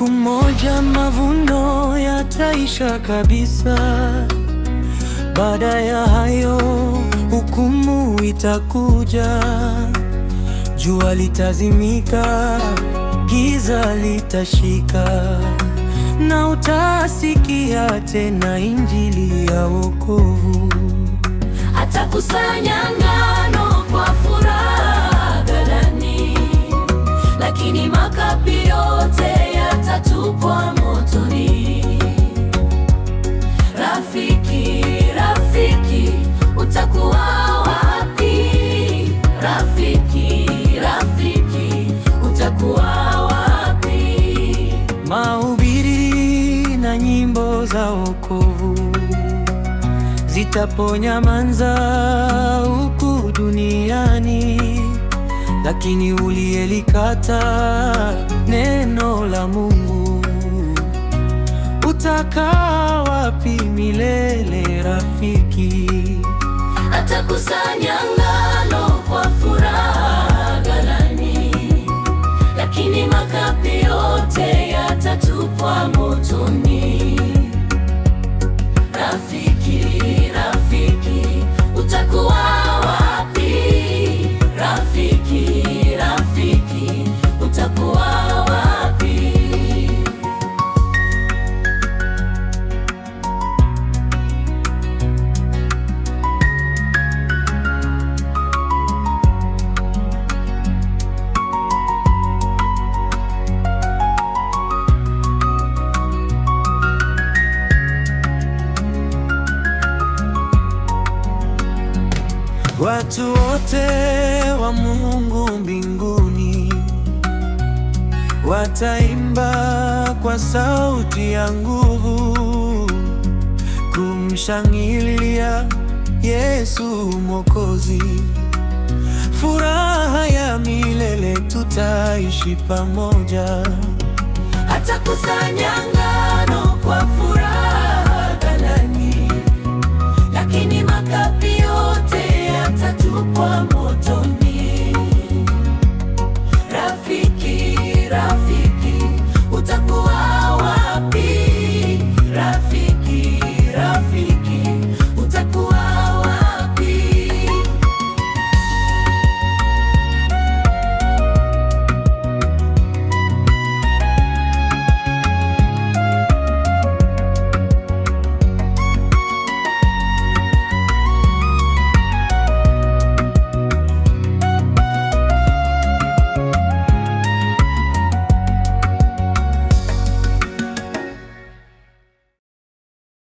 Siku moja mavuno yataisha kabisa. Baada ya hayo hukumu itakuja. Jua litazimika, giza litashika, na utasikia tena injili ya wokovu. Atakusanya Utatupwa motoni. Rafiki, rafiki, utakuwa wapi? Rafiki, rafiki, utakuwa wapi? Mahubiri na nyimbo za wokovu zitaponya manza huku duniani lakini ulielikataa neno la Mungu. Utakaa wapi milele, rafiki? Atakusanya ngano kwa furaha ghalani, lakini makapi yote yatatupwa Watu wote wa Mungu mbinguni wataimba kwa sauti ya nguvu kumshangilia Yesu Mwokozi. Furaha ya milele tutaishi pamoja, hata kusanyangano kwa